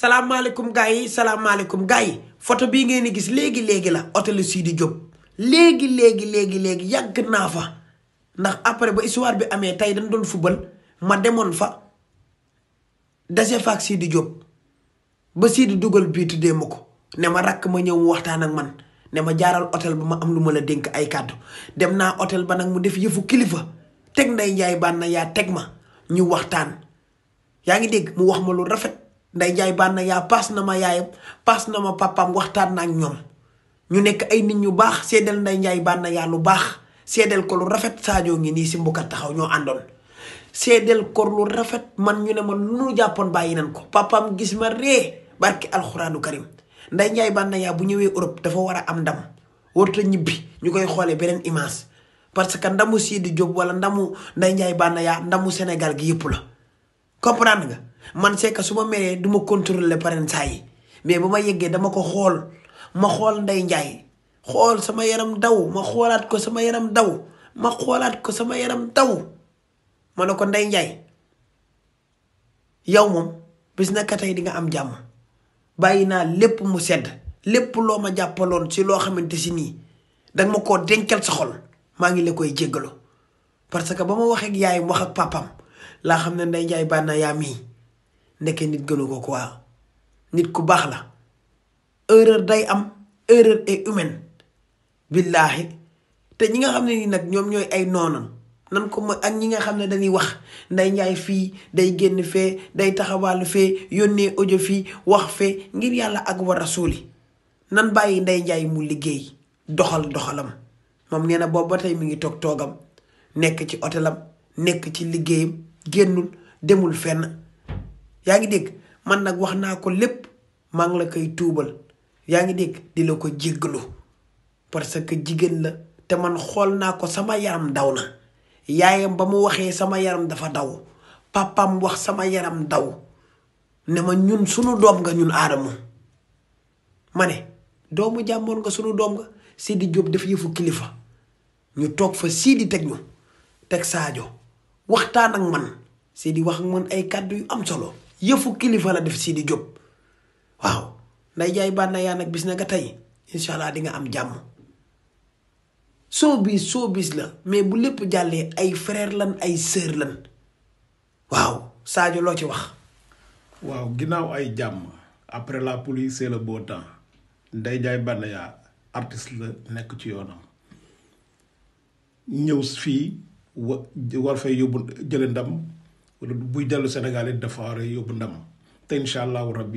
salaamaaleykum gaay yi salaamaaleykum gars yi photo bii ngeen di gis léegi léegi la hôtel Sidi Diop léegi léegi léegi léegi yàgg naa fa ndax après ba histoire bi amee tey dañ doon fubal ma demoon fa dase faak Sidi Diop ba Sidi dugal bii dem ma ko ne ma rakk ma ñëw waxtaan ak man ne ma jaaral otel ba ma am lu ma la dénk ay kàddu dem naa hôtel ba nag mu def yëfu kilifa teg nday njaay baan yaa teg ma ñu waxtaan yaa ngi dégg mu wax ma lu rafet. nday jaay bànn yaa paas na ma yaayam paas na ma papaam waxtaan na ak ñoom ñu nekk ay nit ñu baax seedeel nday jaay bànn yaa lu baax seedeel ko lu rafet Sadio ngi nii si mbukat taxaw ñoo àndoon seddal ko lu rafet man ñu ne ma lu jàppoon bàyyi nan ko papaam gis ma ree barki alxuraanu karim nday jaay bànn yaa bu ñëwee Europe dafa war a am ndam warta ñibbi ñu koy xoolee beneen image parce que ndamu Sidi Diop wala ndamu nday jaay bànn yaa ndamu Sénégal gi yëpp la comprendre man c'est su ma meree du ma contrôler parents yi mais bu ma yeggee dama ko xool ma xool Ndeye Ndiaye xool sama yaram daw ma xoolaat ko sama yaram daw ma xoolaat ko sama yaram daw ma ne ko Ndeye Ndiaye yow moom bis na ka tey di nga am jàmm bàyyi naa lépp mu sedd lépp loo ma jàppaloon si loo xamante si nii danga ma ko denkal sa xol maa ngi la koy jéggalu parce que ba ma waxee ak yaayam wax ak papam laa xam ne Ndeye Ndiaye bànn yaa mii nekkee nit gënu ko quoi nit ku baax la erreur day am erreur est humaine billaahi te ñi nga xam ne nii nag ñoom ñooy ay noonam nan ko mooy ak ñi nga xam ne dañuy wax nday njaay fii day génn fee day taxawaalu fee yónnee ojo fii wax fee ngir yàlla ak war a nan bàyyi nday njaay mu liggéey doxal doxalam moom nee na boobu ba tey mi ngi toog toogam nekk ci otelam nekk ci liggéeyam génnul demul fenn yaa ngi dégg man nag wax naa ko lépp maa ngi la koy tuubal yaa ngi dégg di la ko jéggalu parce que jigéen la te man xool naa ko sama yaram daw na yaayam ba mu waxee sama yaram dafa daw papam wax sama yaram daw ne ma ñun sunu doom nga ñun aadama ma ne doomu jàmmoon nga sunu doom nga Sidi Diop def yëfu kilifa ñu toog fa Sidi teg ñu teg saajo waxtaan ak man Sidi wax ak man ay kàddu yu am solo yëfu kilifa la def Sidi Diop waaw nday jaay baat yaa nag bis na nga tey incha allah di nga am jàmm showbiz showbiz la mais bu lépp jàllee ay frère lan ay sœur lan waaw Sadio loo ci wax. waaw ginnaaw ay jàmm après la pluie c'est le beau temps nday jaay baat na la nekk ci yoonam ñëw fii wa war fay yóbbu jële ndam. buy dellu Sénégal it dafa war a yóbbu ndam te incha allahu rabbi